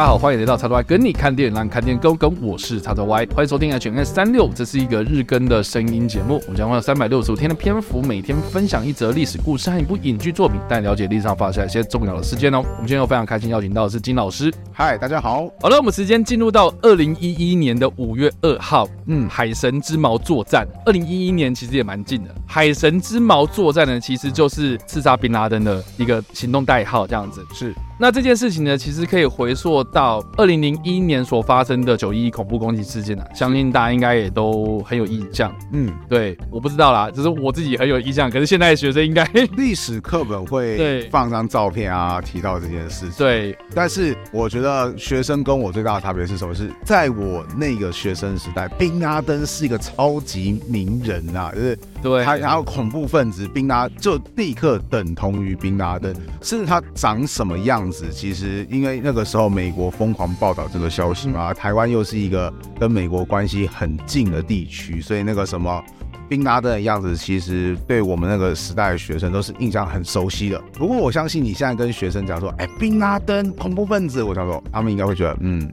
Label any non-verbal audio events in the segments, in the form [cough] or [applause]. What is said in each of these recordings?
大家好，歡迎來到叉叉 Y 梗你看電影，讓你看電影更梗我。跟我是叉叉 Y，歡迎收聽 H&M 三六五，這是一個日更的聲音節目。我們將花三百六十五天的篇幅，每天分享一則歷史故事和一部影劇作品，帶你了解歷史上發生一些重要的事件哦。我們今天又非常開心邀請到的是金老師。嗨，大家好。好了，我們時間進入到二零一一年的五月二號。嗯，海神之矛作戰。二零一一年其實也蠻近的。海神之矛作戰呢，其實就是刺殺賓拉登的一個行動代號，這樣子。是。那這件事情呢，其實可以回溯。到二零零一年所發生的九一一恐怖攻擊事件吶、啊，相信大家應該也都很有印象。嗯，對，我不知道啦，只是我自己很有印象。可是現在的學生應該歷史課本會放張照片啊，提到這件事情。對，但是我覺得學生跟我最大的差別是什麼？是在我那個學生時代，賓拉登是一個超級名人啊，就是對，他然後恐怖分子賓拉就立刻等同於賓拉登，甚至他長什麼樣子，其實因為那個時候美國。國瘋狂報道這個消息啊、嗯，台灣又是一個跟美國關係很近的地區，所以那個什麼，賓拉登的樣子，其實對我們那個時代的學生都是印象很熟悉的。不過我相信你現在跟學生講說，哎、欸，賓拉登，恐怖分子，我想說他們應該會覺得，嗯，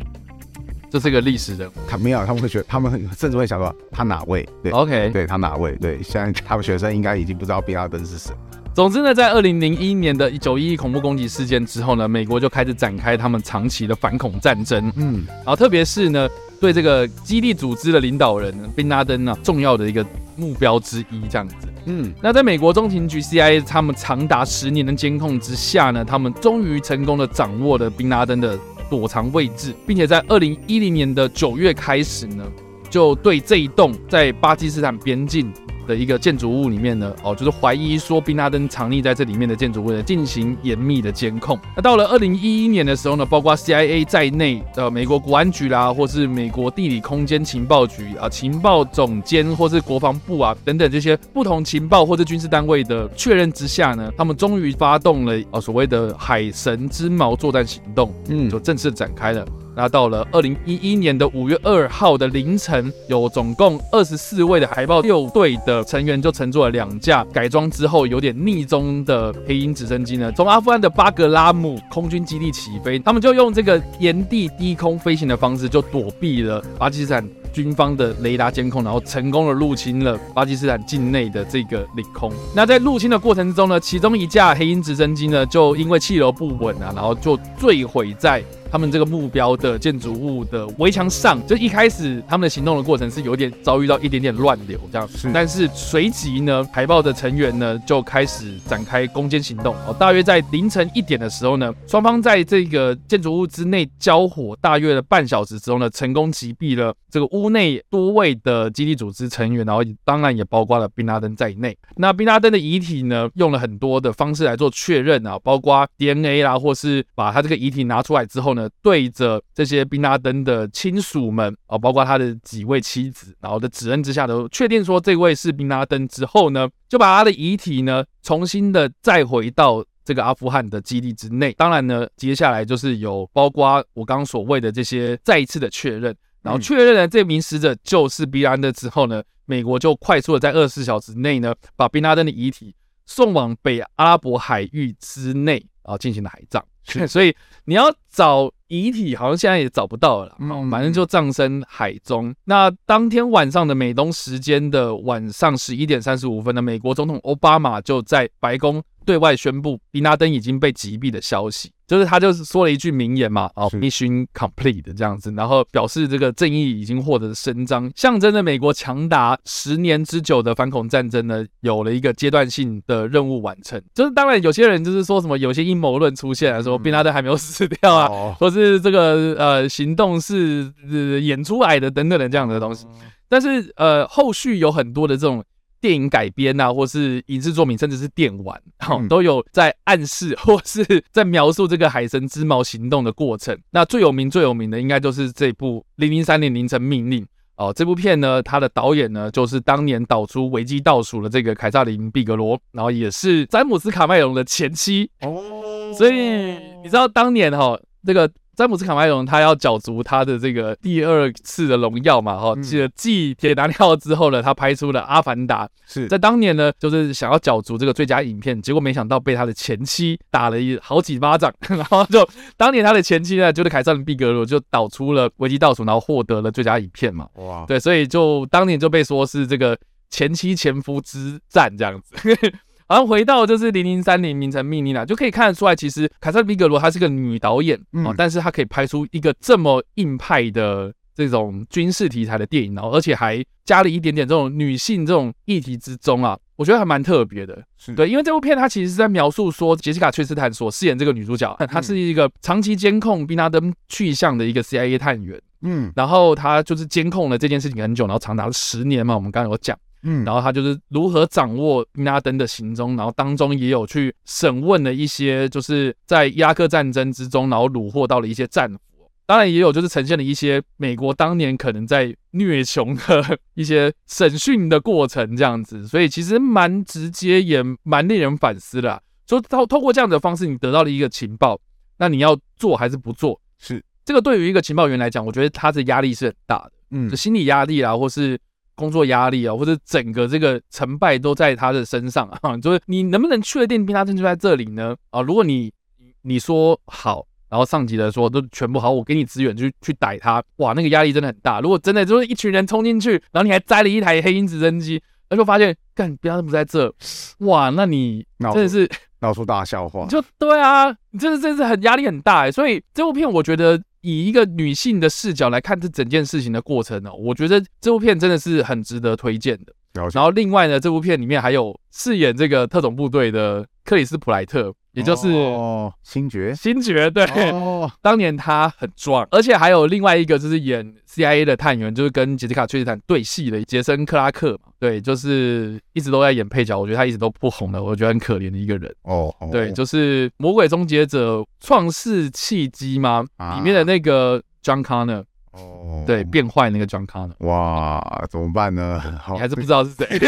這是一個歷史人物，他沒有，他們會覺得，他們甚至會想說他哪位？對，OK，對他哪位？對，現在他們學生應該已經不知道賓拉登是誰。總之呢，在二零零一年的九一一恐怖攻擊事件之後呢，美國就開始展開他們長期的反恐戰爭。嗯，然、啊、後特別是呢，對這個基地組織的領導人賓拉登呢、啊，重要的一個目標之一，這樣子。嗯，那在美國中情局 CIA 他們長達十年的監控之下呢，他們終於成功的掌握了賓拉登的躲藏位置，並且在二零一零年的九月開始呢，就對這一棟在巴基斯坦邊境。的一個建築物裡面呢，哦，就是懷疑說，賓拉登藏匿在這裡面的建築物呢，進行嚴密的監控。那到了二零一一年的時候呢，包括 CIA 在內的、呃、美國國安局啦，或是美國地理空間情報局啊、呃，情報總監或是國防部啊等等這些不同情報或者軍事單位的確認之下呢，他們終於發動了哦、呃、所謂的海神之矛作戰行動，嗯，就正式展開了。嗯那到了二零一一年的五月二號的凌晨，有總共二十四位的海豹六隊的成員就乘坐了兩架改裝之後有點匿蹤的黑鷹直升機呢，從阿富汗的巴格拉姆空軍基地起飛，他們就用這個沿地低空飛行的方式就躲避了巴基斯坦軍方的雷達監控，然後成功的入侵了巴基斯坦境內的這個領空。那在入侵的過程之中呢，其中一架黑鷹直升機呢，就因為氣流不穩啊，然後就墜毀在他們這個目標的建築物的圍牆上，就一開始他們的行動的過程是有點遭遇到一點點亂流這樣，是但是隨即呢，海豹的成員呢就開始展開攻堅行動。哦，大約在凌晨一點的時候呢，雙方在這個建築物之內交火，大約了半小時之後呢，成功擊斃了這個屋內多位的基地組織成員，然後當然也包括了賓拉登在內。那賓拉登的遺體呢，用了很多的方式來做確認啊，包括 DNA 啦，或是把他這個遺體拿出來之後呢。對着這些賓拉登的親屬們啊，包括他的幾位妻子，然後的指認之下都確定說這位是賓拉登之後呢，就把他的遺體呢重新的載回到這個阿富汗的基地之內。當然呢，接下來就是有包括我剛剛所謂的這些再一次的確認，然後確認了這名死者就是賓拉登之後呢，美國就快速的在二十四小時內呢，把賓拉登的遺體。送往北阿拉伯海域之內，然後進行了海葬， [laughs] 所以你要找遺體，好像現在也找不到了，嗯，反正就葬身海中。那當天晚上的美東時間的晚上十一點三十五分的美國總統歐巴馬就在白宮。對外宣佈賓拉登已經被擊斃的消息，就是他就是說了一句名言嘛，哦、uh,，Mission complete 這樣子，然後表示這個正義已經獲得伸張，象徵着美國長達十年之久的反恐戰爭呢有了一個階段性的任務完成。就是當然有些人就是說什麼有些陰謀論出現來說，說、嗯、賓拉登還沒有死掉啊，或、oh. 是這個呃行動是呃演出來的等等的這樣的東西，oh. 但是呃後續有很多的這種。電影改編啊，或是影視作品，甚至是電玩，哈、哦嗯，都有在暗示或是在描述這個海神之矛行動的過程。那最有名、最有名的，應該就是這部《零零三零凌晨密令》哦。這部片呢，它的導演呢，就是當年導出《危機倒數》的這個凱薩琳·畢格羅，然後也是詹姆斯·卡麥隆的前妻哦。所以你知道，當年哈、哦、這個。詹姆斯卡梅隆，他要角逐他的這個第二次的榮耀嘛？哈，記得繼《鐵達尼號》之後呢，他拍出了《阿凡達》，是在當年呢，就是想要角逐這個最佳影片，結果沒想到被他的前妻打了一好幾巴掌， [laughs] 然後就當年他的前妻呢，就是凱薩琳畢格羅，就導出了《危機倒數》，然後獲得了最佳影片嘛？哇，對，所以就當年就被說是這個前妻前夫之戰這樣子。 [laughs] 然後回到就是零零三零凌晨密令啦，就可以看得出來，其實凱薩琳畢格羅她是個女導演，嗯，但是她可以拍出一個這麼硬派的這種軍事題材的電影，然後而且還加了一點點這種女性這種議題之中啊，我覺得還蠻特別的。是對，因為這部片它其實是在描述說潔西卡·崔斯坦所飾演這個女主角，嗯，她是一個長期監控賓拉登去向的一個 CIA 探員。嗯，然後她就是監控了這件事情很久，然後長達了十年嘛，我們剛剛有講。嗯，然後他就是如何掌握賓拉登的行蹤，然後當中也有去審問了一些，就是在伊拉克戰爭之中，然後虜獲到了一些戰俘，當然也有就是呈現了一些美國當年可能在虐囚的一些審訊的過程這樣子，所以其實蠻直接，也蠻令人反思的，啊。說透通過這樣的方式，你得到了一個情報，那你要做還是不做？是這個對於一個情報員來講，我覺得他的壓力是很大的，嗯，就心理壓力啦，或是。工作壓力啊、哦，或者整個這個成敗都在他的身上啊，就是你能不能確定賓拉登就在這裡呢？啊，如果你你說好，然後上級的說都全部好，我給你資源去去逮他，哇，那個壓力真的很大。如果真的就是一群人衝進去，然後你還摘了一台黑鷹直升機，那就發現幹賓拉登不在這，哇，那你真的是鬧出，鬧出大笑話。你就對啊，你真的真是很壓力很大哎，所以這部片我覺得以一個女性的視角來看這整件事情的過程呢，哦，我覺得這部片真的是很值得推薦的。然後另外呢，這部片裡面還有飾演這個特種部隊的克里斯普萊特。也就是、哦、星爵，星爵，對，哦，當年他很壯，而且還有另外一個就是演 CIA 的探員，就是跟傑西卡·崔斯坦對戲的傑森·克拉克嘛，對，就是一直都在演配角，我覺得他一直都不紅的，我覺得很可憐的一個人。哦，哦對，就是《魔鬼終結者：創世契機》嗎、啊？裡面的那個 John Connor，哦，對，變壞那個 John Connor。哇，怎麼辦呢？你還是不知道是誰？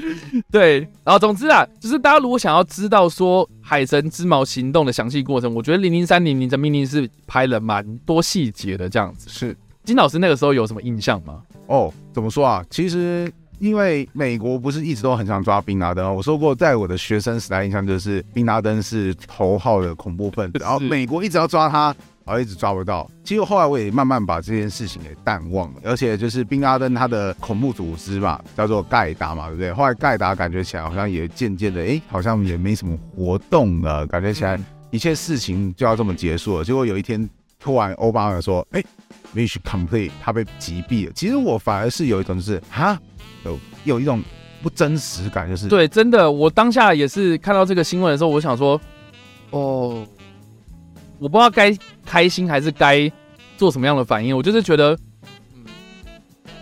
[laughs] 對，然後總之啊，就是大家如果想要知道說海神之矛行動的詳細過程，我覺得零零三零凌晨密令是拍了蠻多細節的這樣子。是金老師那個時候有什麼印象嗎？哦，怎麼說啊？其實因為美國不是一直都很想抓賓拉登，我說過，在我的學生時代印象就是賓拉登是頭號的恐怖分子，就是，然後美國一直要抓他。然後一直抓不到，其實後來我也慢慢把這件事情給淡忘了。而且就是賓拉登他的恐怖組織嘛，叫做蓋達嘛，對不對？後來蓋達感覺起來好像也漸漸的，哎、欸，好像也沒什麼活動了，感覺起來一切事情就要這麼結束了。結果有一天突然歐巴馬說：“哎 Mission Complete，他被擊斃了。”其實我反而是有一種、就是哈，有有一種不真實感，就是對，真的。我當下也是看到這個新聞的時候，我想說，哦。我不知道該開心還是該做什麼樣的反應，我就是覺得，嗯、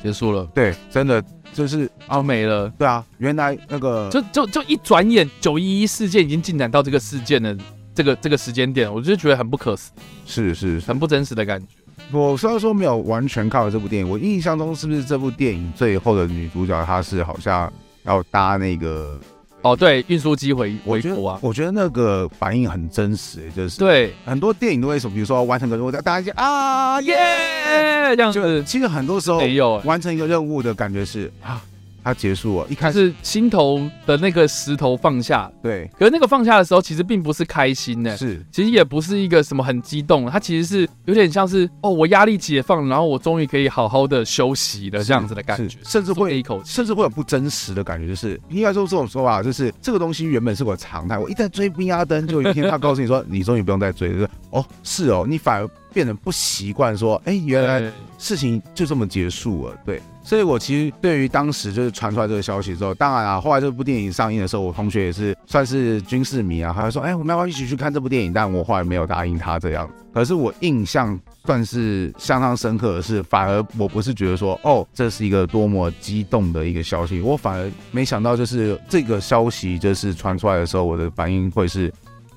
結束了，對，真的就是阿美、啊、了，對啊，原來那個就就就一轉眼，九一一事件已經進展到這個事件的這個這個時間點，我就覺得很不可思，是，是是，很不真實的感覺。我雖然說沒有完全看過這部電影，我印象中是不是這部電影最後的女主角她是好像要搭那個？哦，對，運輸機回回國啊，我我覺得那個反應很真實，就是對很多電影都會說，比如說完成個任務，大家就啊耶，yeah! 這樣，就是、嗯、其實很多時候沒有，完成一個任務的感覺是啊。他結束了，一開始、就是、心頭的那個石頭放下，對，可是那個放下的時候，其實並不是開心呢、欸，是，其實也不是一個什麼很激動，他其實是有點像是，哦，我壓力解放，然後我終於可以好好的休息了，這樣子的感覺，甚至會有一口，甚至會有不真實的感覺，就是你應該說這種說法，就是這個東西原本是我的常態，我一旦追賓拉登，就有一天他告訴你說， [laughs] 你終於不用再追了，就是，哦，是哦，你反而變得不習慣，說，哎、欸，原來事情就這麼結束了，對。對所以，我其實對於當時就是傳出來這個消息之後，當然啊，後來這部電影上映的時候，我同學也是算是軍事迷啊，還說：“哎、欸，我們要不要一起去看這部電影？”但我後來沒有答應他這樣。可是我印象算是相當深刻的是，反而我不是覺得說哦，這是一個多麼激動的一個消息，我反而沒想到就是這個消息就是傳出來的時候，我的反應會是，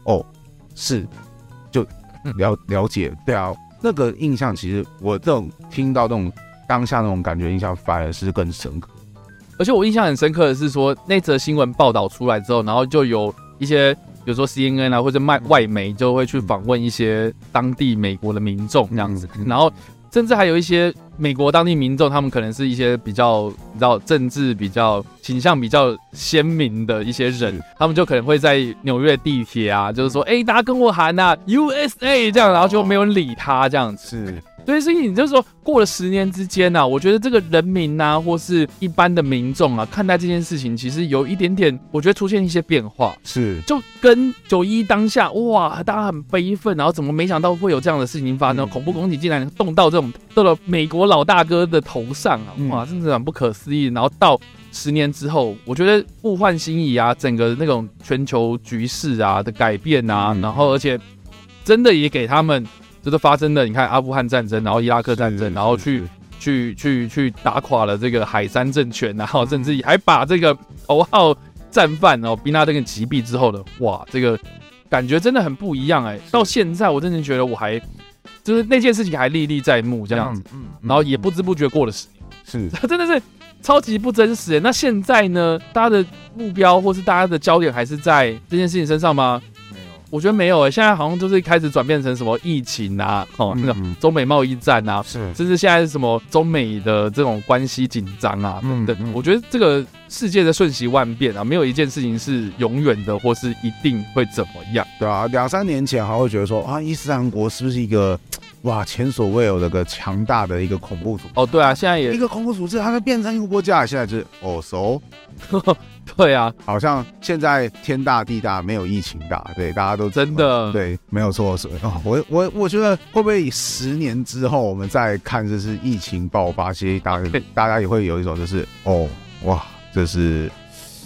哦，是，就了了解，對啊，那個印象其實我這種聽到這種。當下那種感覺印象反而是更深刻，而且我印象很深刻的是說，那則新聞報道出來之後，然後就有一些，比如說 CNN 啊，或者外外媒就會去訪問一些當地美國的民眾這樣子，嗯，然後甚至還有一些美國當地民眾，他們可能是一些比較比較政治比較傾向比較鮮明的一些人，他們就可能會在紐約地鐵啊，嗯，就是說，哎、欸，大家跟我喊吶、啊、USA，這樣，然後就沒有人理他這樣子。哦是所以，你就是說，過了十年之間啊，我覺得這個人民啊，或是一般的民眾啊，看待這件事情，其實有一點點，我覺得出現一些變化，是就跟九一當下，哇，大家很悲憤，然後怎麼沒想到會有這樣的事情發生？嗯、恐怖攻擊竟然動到這種到了美國老大哥的頭上啊，哇，真的很不可思議。然後到十年之後，我覺得物換星移啊，整個那種全球局勢啊的改變啊、嗯，然後而且真的也給他們。這是發生了，你看阿富汗戰爭，然後伊拉克戰爭，是是然後去是是去去去打垮了這個海珊政權，然後甚至還把這個頭號戰犯然後賓拉登這個擊斃之後的，哇，這個感覺真的很不一樣哎、欸！到現在我真的覺得我還就是那件事情還歷歷在目這樣子，嗯嗯嗯嗯嗯然後也不知不覺過了十年，是真的是超級不真實、欸。那現在呢，大家的目標或是大家的焦點還是在這件事情身上嗎？我覺得沒有誒、欸，現在好像就是開始轉變成什麼疫情啊，哦，嗯、那個中美貿易戰啊，甚至現在是什麼中美的這種關係緊張啊，嗯，等等，嗯，我覺得這個世界的瞬息萬變啊，沒有一件事情是永遠的，或是一定會怎麼樣，對啊，兩三年前還會覺得說啊、哦，伊斯蘭國是不是一個，哇，前所未有的個強大的一個恐怖組哦，對啊，現在也一個恐怖組織，它會變成一個國家，現在就是哦，熟、oh, so?。 [laughs] 對啊，好像現在天大地大，沒有疫情大。對，大家都真的對，沒有錯，所以，啊、哦。我我我覺得會不會十年之後，我們再看就是疫情爆發，其實大家、okay. 大家也會有一種就是哦哇，這是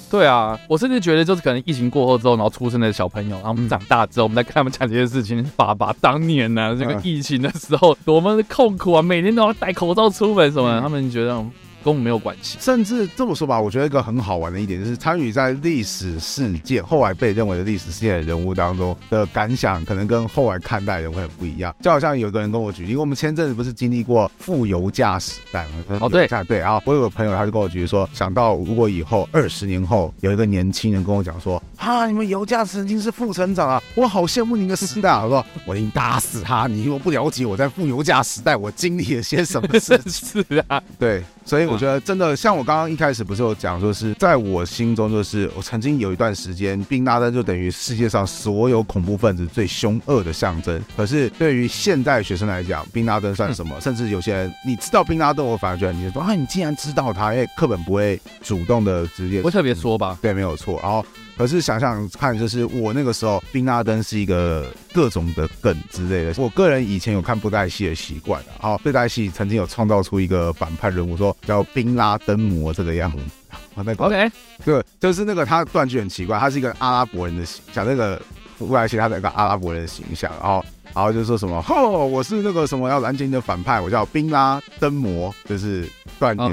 對啊。我甚至覺得就是可能疫情過後之後，然後出生的小朋友，然後我們長大之後，我們再跟他們講這件事情，爸爸當年呢、啊、這個疫情的時候、呃、多麼的痛苦啊，每天都要戴口罩出門什麼的、嗯，他們覺得。跟我們沒有關係，甚至這麼說吧，我覺得一個很好玩的一點就是參與在歷史事件後來被認為的歷史事件人物當中的感想，可能跟後來看待人會很不一樣。就好像有個人跟我舉例，因為我們前陣子不是經歷過富油價時代嗎？哦，對，對啊。我有個朋友他就跟我舉例說，想到如果以後二十年後有一個年輕人跟我講說，哈、啊，你們油價曾經是負成長啊，我好羨慕你們的時代，啊，我說我已經打死他，你如果不了解我在富油價時代我經歷了些什麼事情 [laughs] 是啊？對，所以我。我覺得真的像我剛剛一開始不是有講說是在我心中，就是我曾經有一段時間，賓拉登就等於世界上所有恐怖分子最凶惡的象徵。可是對於現代學生來講，賓拉登算什麼？甚至有些人你知道賓拉登，我反而覺得你說啊，你竟然知道他，因為課本不會主動的直接，不會特別說吧？對，沒有錯。然後可是想想看，就是我那個時候賓拉登是一個。各種的梗之類的，我個人以前有看布袋戲的習慣啊。好，布袋戲曾經有創造出一個反派人物，說叫賓拉登魔這個樣子。我 OK，對，就是那個他斷句很奇怪，他是一個阿拉伯人的形，講那個布袋戲，他的一個阿拉伯人的形象啊，然後就說什麼，哦，我是那個什麼要攔截你的反派，我叫賓拉登魔，就是斷點。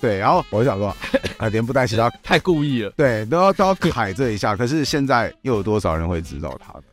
對，然後我就想說，有連布袋戲，他太故意了，對，都要都要踩這一下。可是現在又有多少人會知道他呢？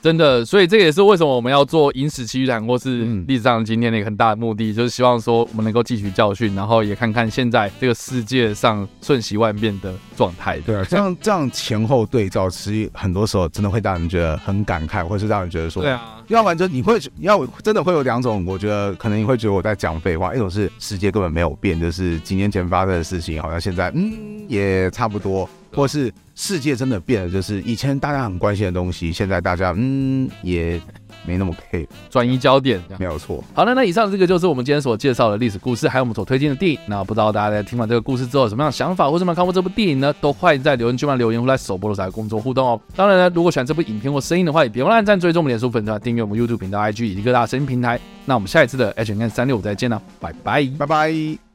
真的，所以這也是為什麼我們要做《影史奇遇談》或是歷史上今天的一個很大的目的，嗯、就是希望說我們能夠汲取教訓，然後也看看現在這個世界上瞬息萬變的狀態。對啊，這樣這樣前後對照，其實很多時候真的會讓人覺得很感慨，或是讓人覺得說，對啊，要不然就你會你要真的會有兩種，我覺得可能你會覺得我在講廢話，一種是世界根本沒有變，就是幾年前發生的事情，好像現在嗯也差不多。或是世界真的變了，就是以前大家很關心的東西，現在大家嗯也沒那麼 care，轉移焦點，沒有錯。好了。那以上這個就是我們今天所介紹的歷史故事，還有我們所推薦的電影。那不知道大家在聽完這個故事之後有什麼樣的想法，或是麼看過這部電影呢？都歡迎在留言區慢留言，或在首播的時候來工作互動哦。當然呢，如果喜歡這部影片或聲音的話，也別忘了按讚、追蹤我們臉書粉團、訂閱我們 YouTube 頻道、IG 以及各大聲音平台。那我們下一次的 H&M 三六五再見了，拜拜，拜拜。